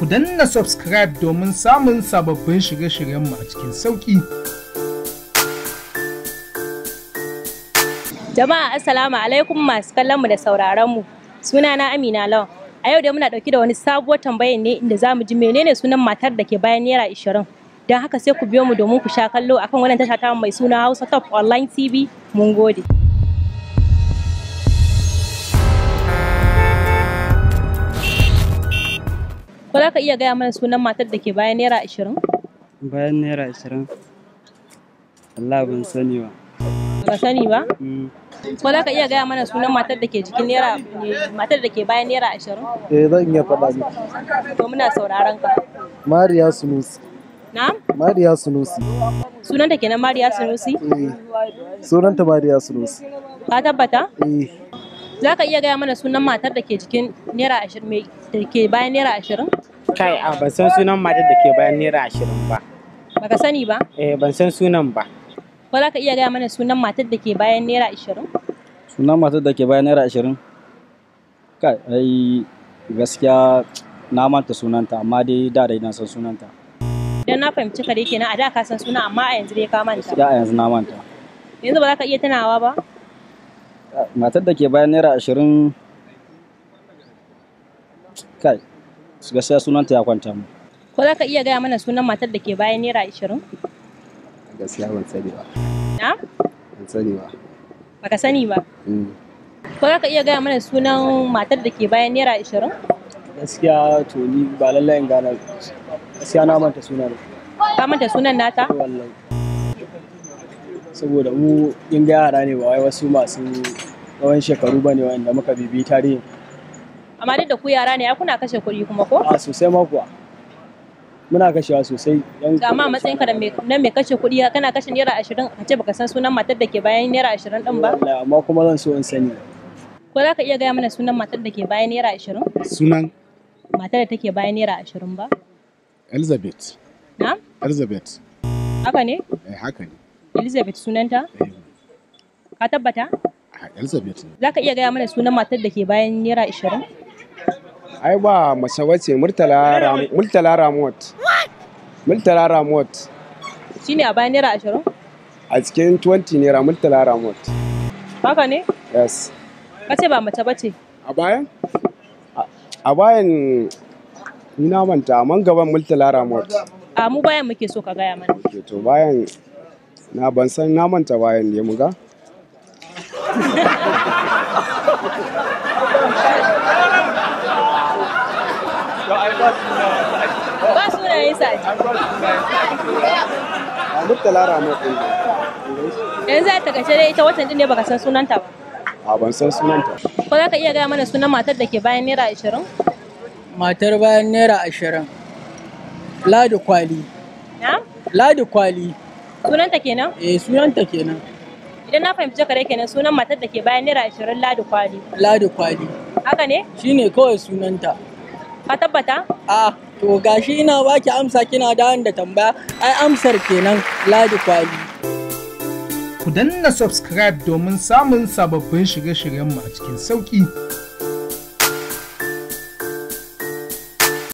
ku danna subscribe domin samun sababbin shirye-shiryenmu a cikin sauƙi. Jama'a Assalamu alaikum masu kallonmu da sauraronmu. na Amina Lawan. A yau da muna ɗauki da wani sabuwar tambayar ne inda za mu ji menene sunan matar da ke bayan naira ishirin. Don haka sai ku biyo mu domin ku sha kallo akan wannan tasha mai suna Hausa Top Online TV. Mun gode. Ko za ka iya gaya mana sunan matar da ke bayan naira ashirin? Bayan naira ashirin. Allah ban sani ba. Ba sani ba? Ko mm. za ka iya gaya mana sunan matar da ke jikin naira matar da ke bayan naira ashirin? Eh zan iya faɗa miki. To muna sauraron ka. Mariya Sunusi. Na? Mariya Sunusi. Sunanta kenan Mariya Sunusi? Eh. Sunanta Mariya Sunusi. Ka tabbata? Eh. za ka iya gaya mana sunan matar da ke jikin naira ashirin da ke bayan naira ashirin? kai a ban san sunan matar da ke bayan naira ashirin ba baka sani ba? eh ban san sunan ba ko za ka iya gaya mana sunan matar da ke bayan naira ashirin? sunan matar da ke bayan naira ashirin? kai ai gaskiya na manta sunanta amma dai da dai na san sunanta dan na fahimci ka dai kenan a da ka san suna amma a yanzu dai ka manta gaskiya a yanzu na manta yanzu ba za ka iya tunawa ba matar da ke bayan naira ashirin kai gaskiya sunanta ya kwanta mu ko za ka iya gaya mana sunan matar da ke bayan naira ashirin gaskiya ban sani ba na ban sani ba baka sani ba mm. ko za ka iya gaya mana sunan matar da ke bayan naira ashirin gaskiya to ni ba lallai in gana gaskiya na manta sunan ka manta sunan nata wallahi saboda mu in ga yara ne ba wai wasu masu tsawon shekaru ba ne wanda muka bibi tarihin amma duk da ku yara ne ya kuna kashe kuɗi kuma ko a sosai ma kuwa muna kashewa sosai yan ga ma matsayin ka na mai kashe kuɗi kana kashe naira ashirin a ce baka san sunan matar da ke bayan naira ashirin din ba amma kuma zan so in sani ko za ka iya gaya mana sunan matar da ke bayan naira ashirin sunan matar da take bayan naira ashirin ba elizabeth na elizabeth haka ne eh haka ne Elizabeth sunanta? Ka tabbata? Ah, Elizabeth ne. Za ka iya gaya mana sunan matar da ke bayan Naira ishirin? Ai ba mace wace Murtala Ramot. Murtala Ramot. Shi ne a bayan Naira ashirin? A cikin 20 Naira Murtala Ramot. Haka ne? Yes. Ka ce ba mace bace? A bayan? A bayan ni na manta man gaban Murtala Ramot. A mu bayan muke so ka gaya mana. To bayan na ban san na manta bayan ne muga ba sunayen sa a yanzu a takace dai ita watan ne baka san sunanta ba a ban san sunanta ko za ka iya gaya mana sunan matar da ke bayan naira ashirin matar bayan naira ashirin ladi kwali ladi kwali sunanta kenan eh sunanta kenan idan na fahimci kare kenan sunan matar da ke bayan naira ashirin ladi kwali ladi kwali haka ne shine kawai sunanta ka tabbata a to gashi ina baki amsa kina dawon da tambaya ai amsar kenan ladi kwali ku danna subscribe domin samun sababbin shirye shiryen mu a cikin sauki